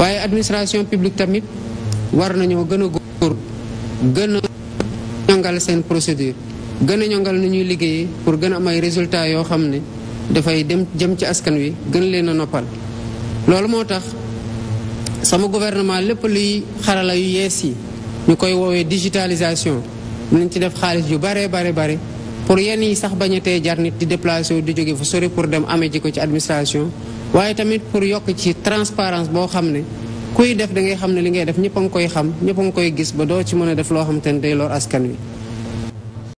waaye administration publique tamit war nañoo gën a góor gën a ñongal seen procédure gën a ñongal na ñuy liggéeyee pour gën a am ay yoo xam ne dafay dem jëm ci askan wi gën leen a noppal loolu moo tax sama gouvernement lépp luy xarala yu yees yi ñu koy woowee digitalisation nañ ci def xaalis yu bare bare bare pour yenn yi sax bañ a tee jar nit di déplacé di jóge fu sore pour dem amee ji ko ci administration waaye tamit pour yokk ci transparence boo xam ne kuy def da xam ne li ngay def ñëpp a ngi koy xam ñëpp nga koy gis ba doo ci mën a def loo xam te ne day lor askan wi